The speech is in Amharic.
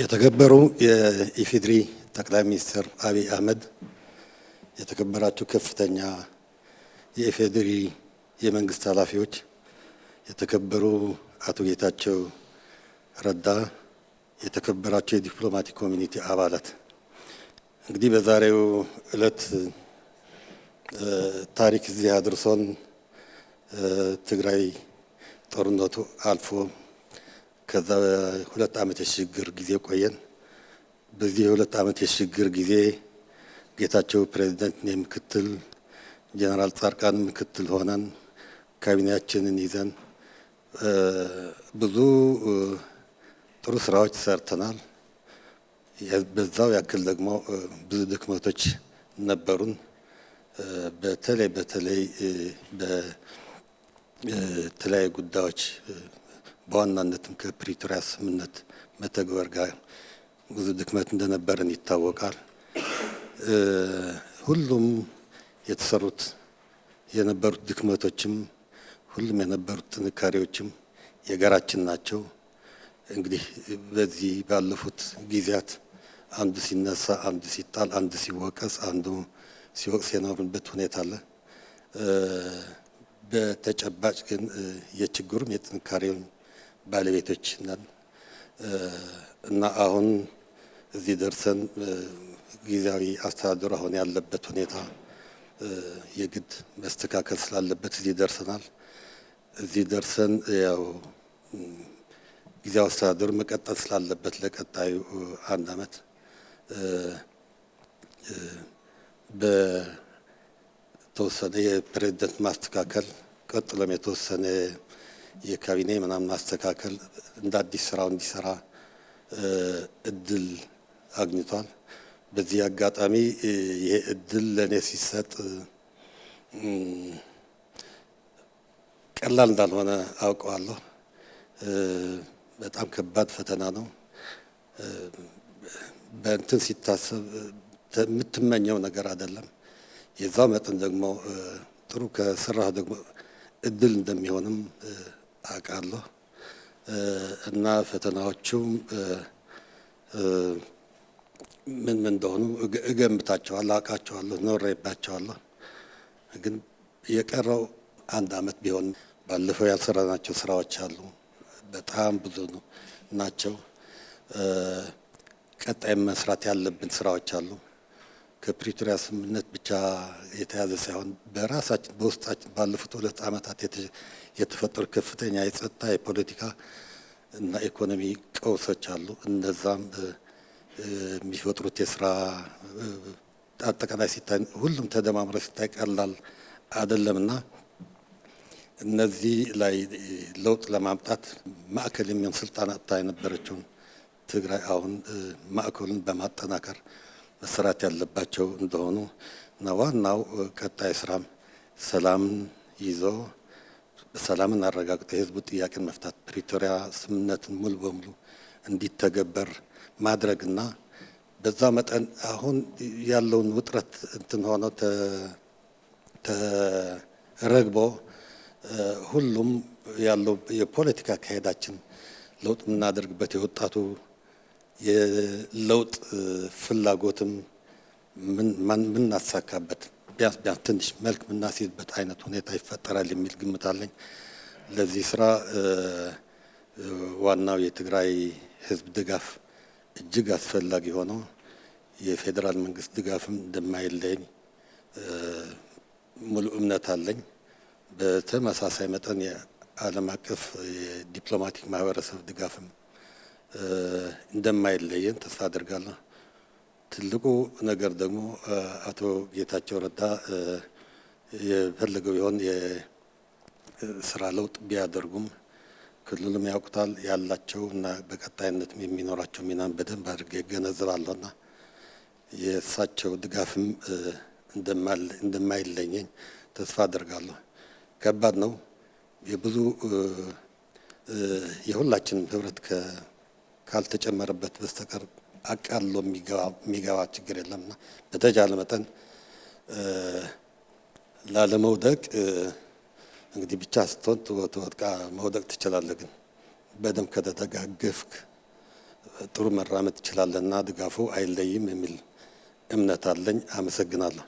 የተከበሩ የኢፌድሪ ጠቅላይ ሚኒስትር አብይ አህመድ፣ የተከበራችሁ ከፍተኛ የኢፌድሪ የመንግስት ኃላፊዎች፣ የተከበሩ አቶ ጌታቸው ረዳ፣ የተከበራቸው የዲፕሎማቲክ ኮሚኒቲ አባላት፣ እንግዲህ በዛሬው ዕለት ታሪክ እዚህ አድርሶን ትግራይ ጦርነቱ አልፎ ከዛ ሁለት ዓመት የሽግግር ጊዜ ቆየን። በዚህ የሁለት ዓመት የሽግግር ጊዜ ጌታቸው ፕሬዚደንት፣ እኔ ምክትል፣ ጀነራል ጻድቃን ምክትል ሆነን ካቢኔያችንን ይዘን ብዙ ጥሩ ስራዎች ሰርተናል። በዛው ያክል ደግሞ ብዙ ድክመቶች ነበሩን። በተለይ በተለይ በተለያዩ ጉዳዮች በዋናነትም ከፕሪቶሪያ ስምምነት መተግበር ጋር ብዙ ድክመት እንደነበረን ይታወቃል። ሁሉም የተሰሩት የነበሩት ድክመቶችም ሁሉም የነበሩት ጥንካሬዎችም የጋራችን ናቸው። እንግዲህ በዚህ ባለፉት ጊዜያት አንዱ ሲነሳ፣ አንዱ ሲጣል፣ አንዱ ሲወቀስ፣ አንዱ ሲወቅስ የኖርንበት ሁኔታ አለ። በተጨባጭ ግን የችግሩም የጥንካሬውም ባለቤቶች ነን እና አሁን እዚህ ደርሰን ጊዜያዊ አስተዳደሩ አሁን ያለበት ሁኔታ የግድ መስተካከል ስላለበት እዚህ ደርሰናል። እዚህ ደርሰን ያው ጊዜያዊ አስተዳደሩ መቀጠል ስላለበት ለቀጣዩ አንድ ዓመት በተወሰነ የፕሬዝደንት ማስተካከል ቀጥሎም የተወሰነ የካቢኔ ምናምን ማስተካከል እንደ አዲስ ስራው እንዲሰራ እድል አግኝቷል። በዚህ አጋጣሚ ይሄ እድል ለእኔ ሲሰጥ ቀላል እንዳልሆነ አውቀዋለሁ። በጣም ከባድ ፈተና ነው። በእንትን ሲታሰብ የምትመኘው ነገር አይደለም። የዛው መጠን ደግሞ ጥሩ ከስራህ ደግሞ እድል እንደሚሆንም አውቃለሁ እና ፈተናዎቹም ምን ምን እንደሆኑ እገምታቸዋለሁ፣ አውቃቸዋለሁ፣ ኖሬባቸዋለሁ። ግን የቀረው አንድ አመት ቢሆን ባለፈው ያልሰራናቸው ስራዎች አሉ። በጣም ብዙ ናቸው። ቀጣይ መስራት ያለብን ስራዎች አሉ። ከፕሪቶሪያ ስምምነት ብቻ የተያዘ ሳይሆን በራሳችን በውስጣችን ባለፉት ሁለት ዓመታት የተፈጠሩ ከፍተኛ የጸጥታ የፖለቲካ እና ኢኮኖሚ ቀውሶች አሉ። እነዛም የሚፈጥሩት የስራ አጠቃላይ ሲታይ ሁሉም ተደማምሮ ሲታይ ቀላል አይደለምና እነዚህ ላይ ለውጥ ለማምጣት ማዕከል የሚሆን ስልጣን አጥታ የነበረችውን ትግራይ አሁን ማዕከሉን በማጠናከር መሰራት ያለባቸው እንደሆኑ እና ዋናው ቀጣይ ስራም ሰላምን ይዞ ሰላምን አረጋግጦ የህዝቡ ጥያቄን መፍታት ፕሪቶሪያ ስምምነትን ሙሉ በሙሉ እንዲተገበር ማድረግና በዛ መጠን አሁን ያለውን ውጥረት እንትን ሆኖ ተረግቦ ሁሉም ያለው የፖለቲካ አካሄዳችን ለውጥ የምናደርግበት የወጣቱ የለውጥ ፍላጎትም ምናሳካበት ቢያንስ ቢያንስ ትንሽ መልክ ምናስይዝበት አይነት ሁኔታ ይፈጠራል የሚል ግምት አለኝ። ለዚህ ስራ ዋናው የትግራይ ህዝብ ድጋፍ እጅግ አስፈላጊ ሆነው የፌዴራል መንግስት ድጋፍም እንደማይለኝ ሙሉ እምነት አለኝ። በተመሳሳይ መጠን የዓለም አቀፍ የዲፕሎማቲክ ማህበረሰብ ድጋፍም እንደማይለየን ተስፋ አድርጋለሁ። ትልቁ ነገር ደግሞ አቶ ጌታቸው ረዳ የፈለገው ቢሆን የስራ ለውጥ ቢያደርጉም ክልሉም ያውቁታል ያላቸው እና በቀጣይነት የሚኖራቸው ሚናን በደንብ አድርገ እገነዘባለሁ እና የእሳቸው ድጋፍም እንደማይለኘኝ ተስፋ አደርጋለሁ። ከባድ ነው የብዙ የሁላችንም ህብረት ካልተጨመረበት በስተቀር አቃሎ የሚገባ ችግር የለምና በተቻለ መጠን ላለመውደቅ እንግዲህ ብቻ ስትሆን ትወድቃ መውደቅ ትችላለህ። ግን በደንብ ከተደጋገፍክ ጥሩ መራመድ ትችላለህና ድጋፉ አይለይም የሚል እምነት አለኝ። አመሰግናለሁ።